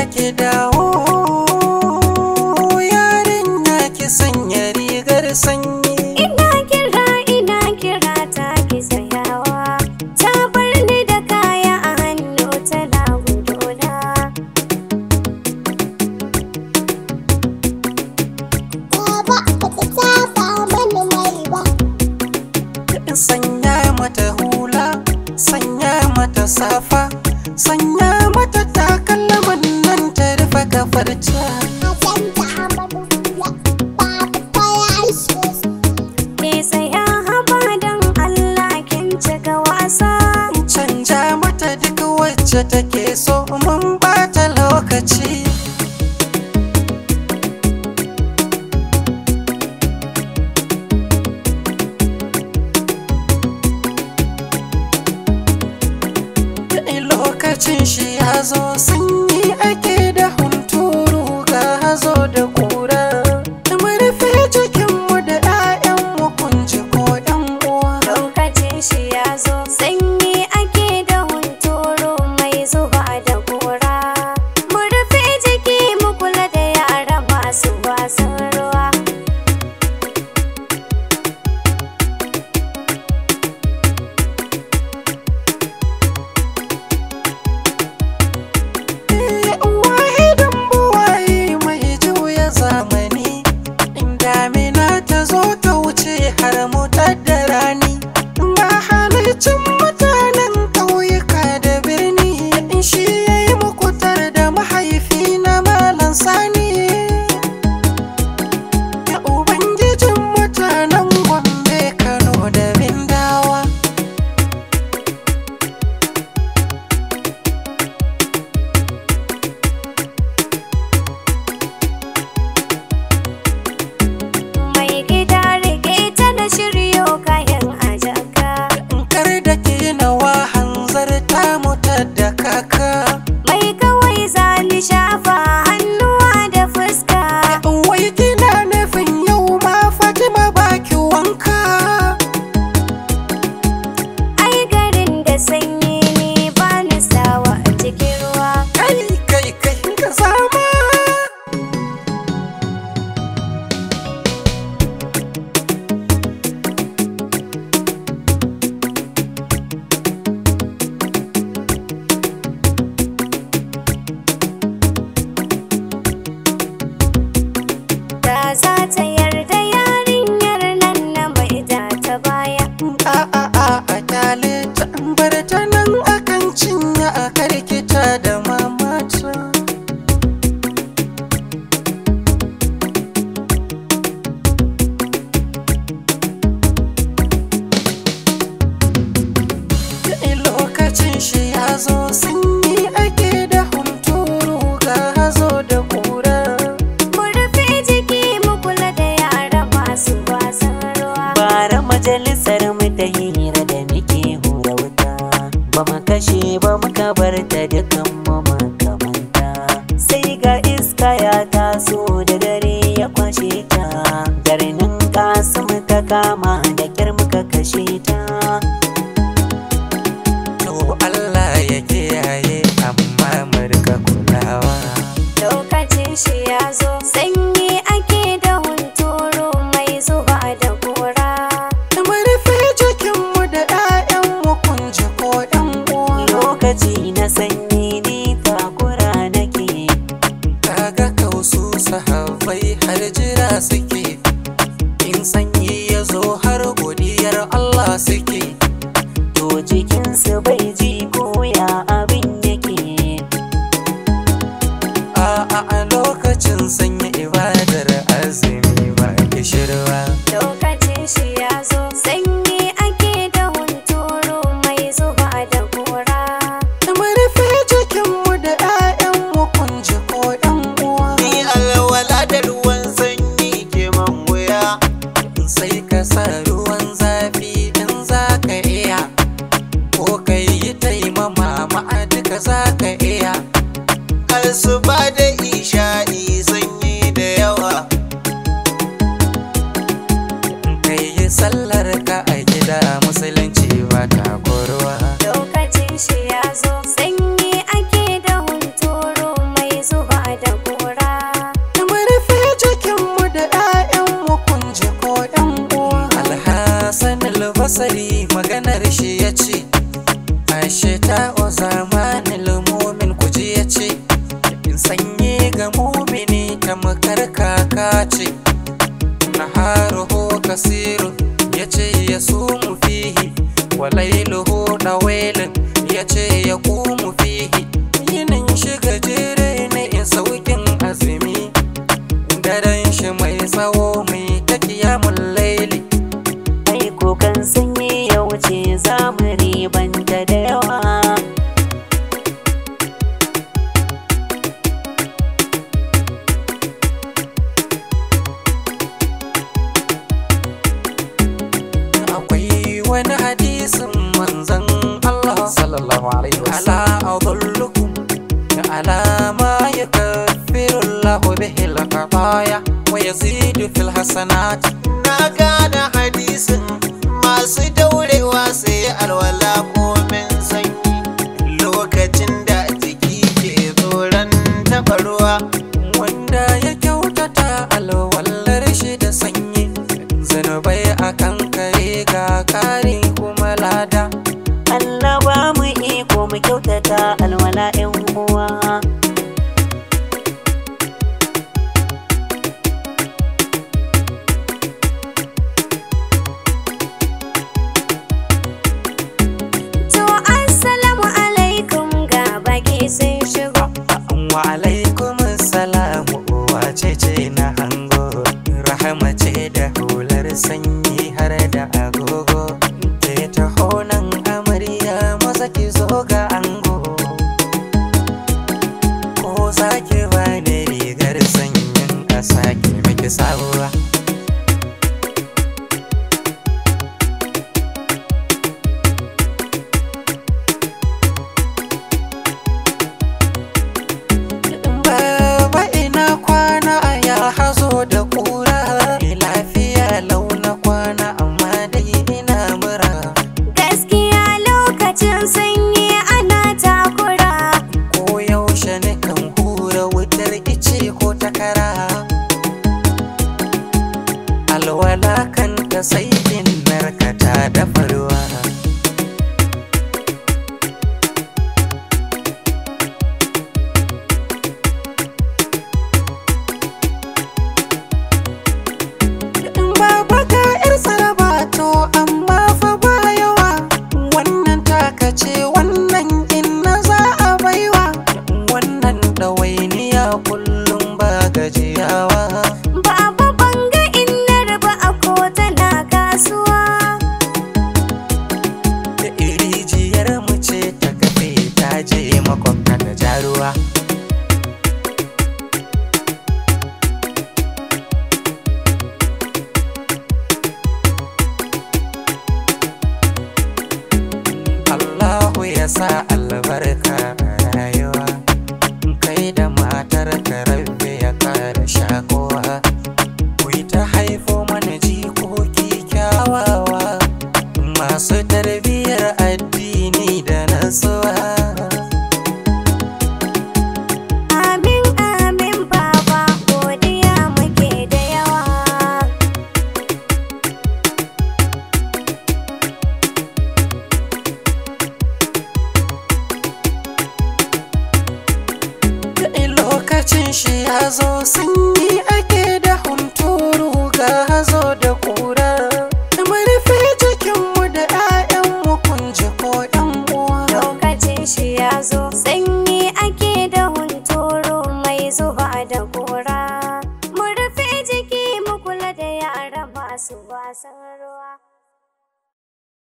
it dawo shi shi ya zo ake da hunturu ga hazo da kura mu rufe jiki mu kula da yara masu wasan ruwa bara majalisar mu ta hira da muke hura wuta ba mu kashe ba muka bar ta dukan mu makamanta sai ga iska ya taso da dare ya kwashe jira suke daren shi mai tsawo mai ta kiyamun laili kai kukan sanyi ya wuce za mu ribanta da yawa akwai wani hadisin manzan Allah sallallahu alaihi wasallam ala adullukum ala ma yakfiru bihi baya wa yazidu fil hasanat na gana hadisin masu daurewa sai alwala ko min sanyi lokacin da jiki ke tsoron tabarwa wanda ya kyautata alwallar shi da sanyi zanubai akan kare ga kare kuma lada Allah ba mu iko mu kyautata alwallar wa alaikum salamu wace ce na ango rahama ce da hular sanyi har da agogo ke taho nan amarya maza ki zo ga ango ko sake bani rigar sanyin a sake miki sabo barka ta dafa ruwa makwabta na jaruwa